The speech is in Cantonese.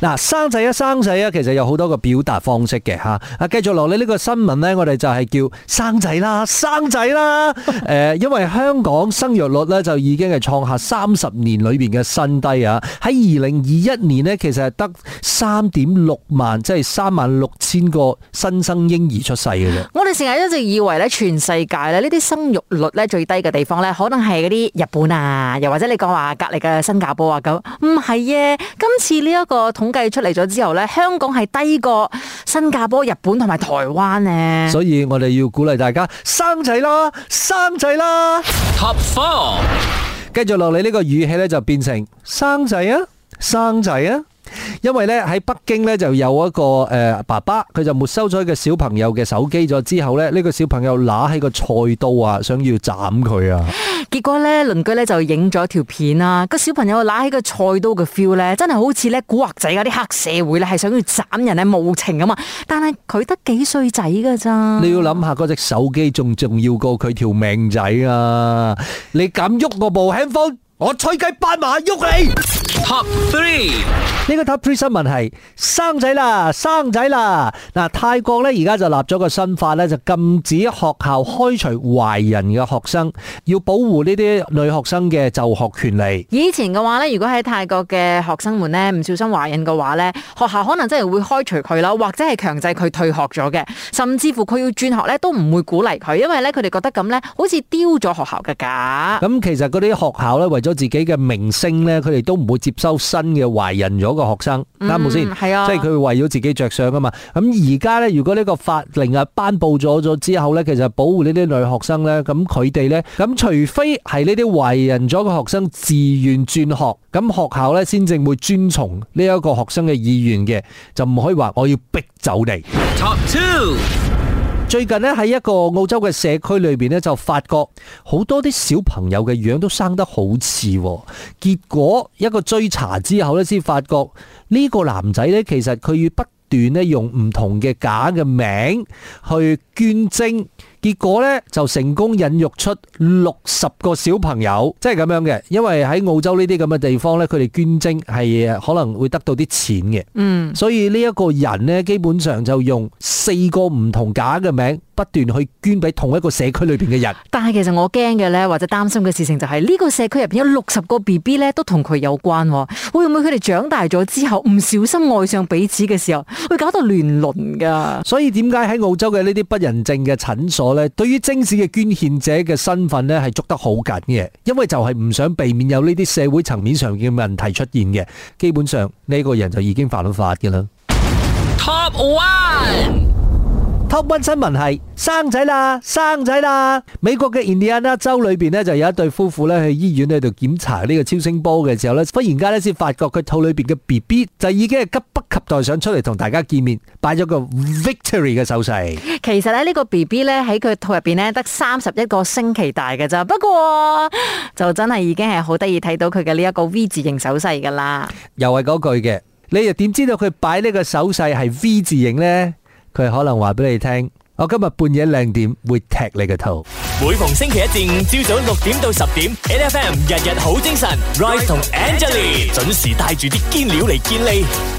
嗱，生仔啊，生仔啊，其實有好多個表達方式嘅吓。阿、啊、繼續落嚟呢個新聞咧，我哋就係叫生仔啦，生仔啦。誒， 因為香港生育率咧就已經係創下三十年裏邊嘅新低啊！喺二零二一年咧，其實係得三點六萬，即係三萬六千個新生嬰兒出世嘅啫。我哋成日一直以為咧，全世界咧呢啲生育率咧最低嘅地方咧，可能係嗰啲日本啊，又或者你講話隔籬嘅新加坡啊咁。唔係啊，今次呢一個統計出嚟咗之後呢香港係低過新加坡、日本同埋台灣呢所以我哋要鼓勵大家生仔啦，生仔啦。Top four，繼續落嚟呢個語氣呢，就變成生仔啊，生仔啊。因為咧喺北京咧就有一個誒爸爸，佢就沒收咗個小朋友嘅手機咗之後咧，呢個小朋友攞起個菜刀啊，想要斬佢啊。結果咧鄰居咧就影咗條片啦，個小朋友攞起個菜刀嘅 feel 咧，真係好似咧古惑仔嗰啲黑社會咧係想要斬人啊，無情咁啊嘛。但係佢得幾歲仔噶咋？你要諗下嗰隻手機仲重要過佢條命仔啊！你敢喐我部 handphone，我吹雞斑馬喐你！Top three 呢個 Top three 新聞係生仔啦，生仔啦！嗱，泰國咧而家就立咗個新法咧，就禁止學校開除懷孕嘅學生，要保護呢啲女學生嘅就學權利。以前嘅話咧，如果喺泰國嘅學生們咧唔小心懷孕嘅話咧，學校可能真係會開除佢啦，或者係強制佢退學咗嘅，甚至乎佢要轉學咧都唔會鼓勵佢，因為咧佢哋覺得咁咧好似丟咗學校嘅架。咁其實嗰啲學校咧為咗自己嘅名聲咧，佢哋都唔會。接收新嘅懷孕咗嘅學生啱冇先？嗯、吧即係佢會為咗自己着想噶嘛。咁而家呢，如果呢個法令啊，頒布咗咗之後呢，其實保護呢啲女學生呢，咁佢哋呢，咁除非係呢啲懷孕咗嘅學生自願轉學，咁學校呢先正會遵從呢一個學生嘅意願嘅，就唔可以話我要逼走你。Top two. 最近咧喺一個澳洲嘅社區裏邊咧，就發覺好多啲小朋友嘅樣都生得好似，結果一個追查之後咧，先發覺呢個男仔咧，其實佢要不斷咧用唔同嘅假嘅名去捐精。結果咧就成功孕育出六十個小朋友，即係咁樣嘅。因為喺澳洲呢啲咁嘅地方咧，佢哋捐精係可能會得到啲錢嘅。嗯，所以呢一個人咧，基本上就用四個唔同假嘅名。不斷去捐俾同一個社區裏邊嘅人，但係其實我驚嘅呢，或者擔心嘅事情就係呢個社區入邊有六十個 B B 呢，都同佢有關，會唔會佢哋長大咗之後唔小心愛上彼此嘅時候，會搞到亂倫噶？所以點解喺澳洲嘅呢啲不認證嘅診所呢，對於精子嘅捐獻者嘅身份呢，係捉得好緊嘅，因為就係唔想避免有呢啲社會層面上嘅問題出現嘅，基本上呢個人就已經犯咗法嘅啦。Top one。Top One 新聞係生仔啦，生仔啦！美國嘅 Indiana 州裏邊咧，就有一對夫婦咧去醫院咧度檢查呢個超聲波嘅時候咧，忽然間咧先發覺佢肚裏邊嘅 B B 就已經係急不及待想出嚟同大家見面，擺咗個 Victory 嘅手勢。其實咧呢個 B B 咧喺佢肚入邊咧得三十一個星期大嘅咋，不過就真係已經係好得意睇到佢嘅呢一個 V 字形手勢噶啦。又係嗰句嘅，你又點知道佢擺呢個手勢係 V 字形呢？」佢可能話俾你聽，我今日半夜兩點會踢你個頭。每逢星期一至五朝早六點到十點，N F M 日日好精神，Rise 同 Angelina 準時帶住啲堅料嚟見你。